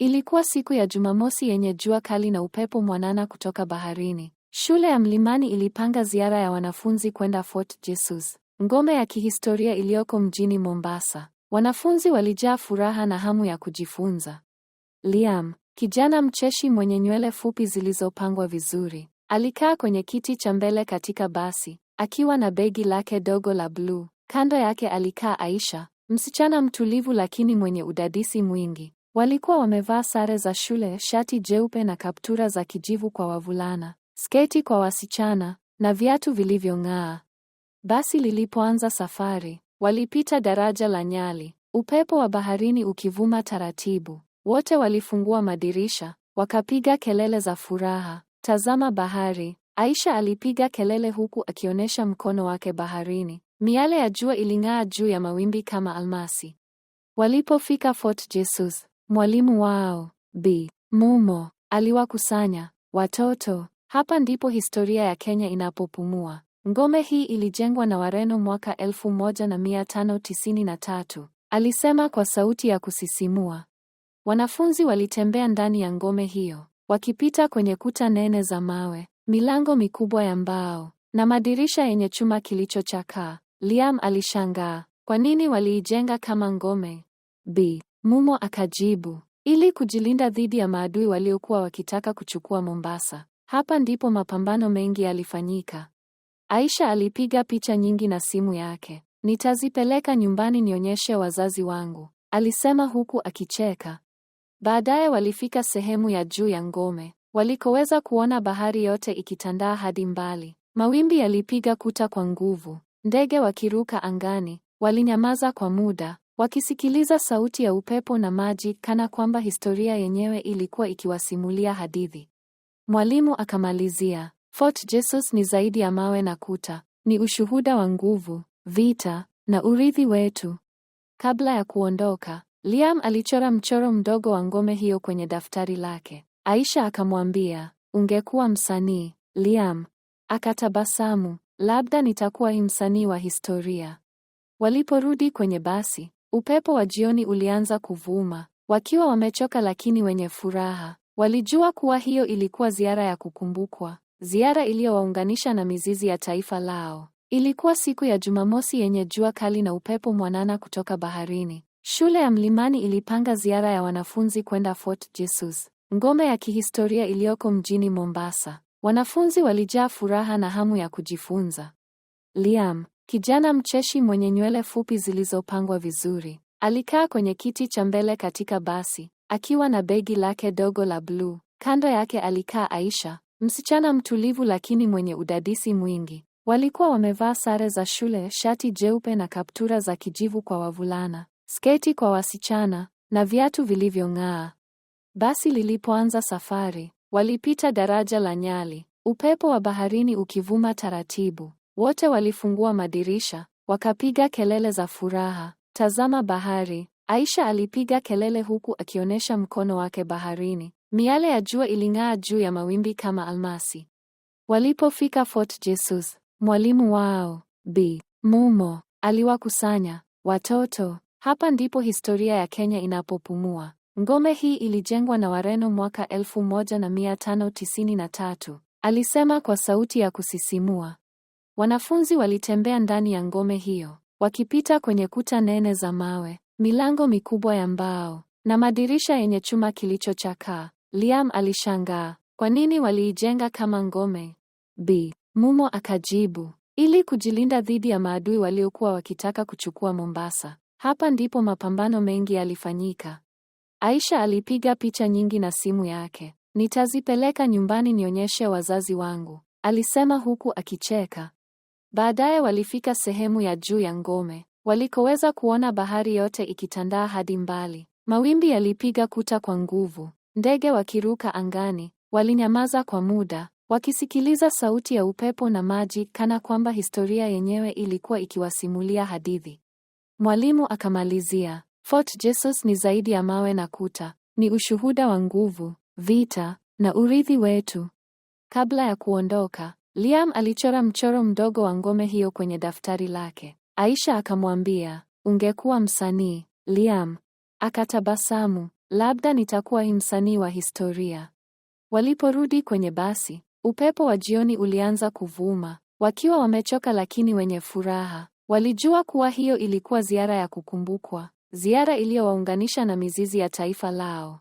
Ilikuwa siku ya Jumamosi yenye jua kali na upepo mwanana kutoka baharini. Shule ya Mlimani ilipanga ziara ya wanafunzi kwenda Fort Jesus, ngome ya kihistoria iliyoko mjini Mombasa. Wanafunzi walijaa furaha na hamu ya kujifunza. Liam, kijana mcheshi mwenye nywele fupi zilizopangwa vizuri, alikaa kwenye kiti cha mbele katika basi, akiwa na begi lake dogo la bluu. Kando yake alikaa Aisha, msichana mtulivu lakini mwenye udadisi mwingi. Walikuwa wamevaa sare za shule, shati jeupe na kaptura za kijivu kwa wavulana, sketi kwa wasichana na viatu vilivyong'aa. Basi lilipoanza safari, walipita daraja la Nyali, upepo wa baharini ukivuma taratibu. Wote walifungua madirisha, wakapiga kelele za furaha. Tazama bahari, Aisha alipiga kelele huku akionyesha mkono wake baharini. Miale ya jua iling'aa juu ya mawimbi kama almasi. Walipofika Fort Jesus, Mwalimu wao Bi Mumo aliwakusanya watoto. Hapa ndipo historia ya Kenya inapopumua. Ngome hii ilijengwa na Wareno mwaka 1593, alisema kwa sauti ya kusisimua. Wanafunzi walitembea ndani ya ngome hiyo, wakipita kwenye kuta nene za mawe, milango mikubwa ya mbao na madirisha yenye chuma kilichochakaa. Liam alishangaa, kwa nini waliijenga kama ngome? Bi Mumo akajibu, ili kujilinda dhidi ya maadui waliokuwa wakitaka kuchukua Mombasa. Hapa ndipo mapambano mengi yalifanyika. Aisha alipiga picha nyingi na simu yake. Nitazipeleka nyumbani nionyeshe wazazi wangu, alisema huku akicheka. Baadaye walifika sehemu ya juu ya ngome walikoweza kuona bahari yote ikitandaa hadi mbali. Mawimbi yalipiga kuta kwa nguvu, ndege wakiruka angani walinyamaza kwa muda, wakisikiliza sauti ya upepo na maji kana kwamba historia yenyewe ilikuwa ikiwasimulia hadithi. Mwalimu akamalizia, Fort Jesus ni zaidi ya mawe na kuta, ni ushuhuda wa nguvu, vita na urithi wetu. Kabla ya kuondoka, Liam alichora mchoro mdogo wa ngome hiyo kwenye daftari lake. Aisha akamwambia, ungekuwa msanii Liam. Akatabasamu, labda nitakuwa msanii wa historia. Waliporudi kwenye basi, Upepo wa jioni ulianza kuvuma, wakiwa wamechoka lakini wenye furaha. Walijua kuwa hiyo ilikuwa ziara ya kukumbukwa, ziara iliyowaunganisha na mizizi ya taifa lao. Ilikuwa siku ya Jumamosi yenye jua kali na upepo mwanana kutoka baharini. Shule ya Mlimani ilipanga ziara ya wanafunzi kwenda Fort Jesus, ngome ya kihistoria iliyoko mjini Mombasa. Wanafunzi walijaa furaha na hamu ya kujifunza. Liam, Kijana mcheshi mwenye nywele fupi zilizopangwa vizuri alikaa kwenye kiti cha mbele katika basi akiwa na begi lake dogo la bluu. Kando yake alikaa Aisha, msichana mtulivu lakini mwenye udadisi mwingi. Walikuwa wamevaa sare za shule, shati jeupe na kaptura za kijivu kwa wavulana, sketi kwa wasichana na viatu vilivyong'aa. Basi lilipoanza safari, walipita daraja la Nyali, upepo wa baharini ukivuma taratibu. Wote walifungua madirisha, wakapiga kelele za furaha. Tazama bahari. Aisha alipiga kelele huku akionyesha mkono wake baharini. Miale ya jua iling'aa juu ya mawimbi kama almasi. Walipofika Fort Jesus, mwalimu wao Bi Mumo aliwakusanya watoto. Hapa ndipo historia ya Kenya inapopumua. Ngome hii ilijengwa na Wareno mwaka 1593, alisema kwa sauti ya kusisimua. Wanafunzi walitembea ndani ya ngome hiyo, wakipita kwenye kuta nene za mawe, milango mikubwa ya mbao na madirisha yenye chuma kilichochakaa. Liam alishangaa, kwa nini waliijenga kama ngome? Bi Mumo akajibu, ili kujilinda dhidi ya maadui waliokuwa wakitaka kuchukua Mombasa. Hapa ndipo mapambano mengi yalifanyika. Aisha alipiga picha nyingi na simu yake. Nitazipeleka nyumbani nionyeshe wazazi wangu, alisema huku akicheka. Baadaye walifika sehemu ya juu ya ngome walikoweza kuona bahari yote ikitandaa hadi mbali. Mawimbi yalipiga kuta kwa nguvu, ndege wakiruka angani. Walinyamaza kwa muda wakisikiliza sauti ya upepo na maji, kana kwamba historia yenyewe ilikuwa ikiwasimulia hadithi. Mwalimu akamalizia, Fort Jesus ni zaidi ya mawe na kuta, ni ushuhuda wa nguvu, vita na urithi wetu. Kabla ya kuondoka Liam alichora mchoro mdogo wa ngome hiyo kwenye daftari lake. Aisha akamwambia, ungekuwa msanii Liam. Akatabasamu, labda nitakuwa msanii wa historia. Waliporudi kwenye basi, upepo wa jioni ulianza kuvuma, wakiwa wamechoka lakini wenye furaha. Walijua kuwa hiyo ilikuwa ziara ya kukumbukwa, ziara iliyowaunganisha na mizizi ya taifa lao.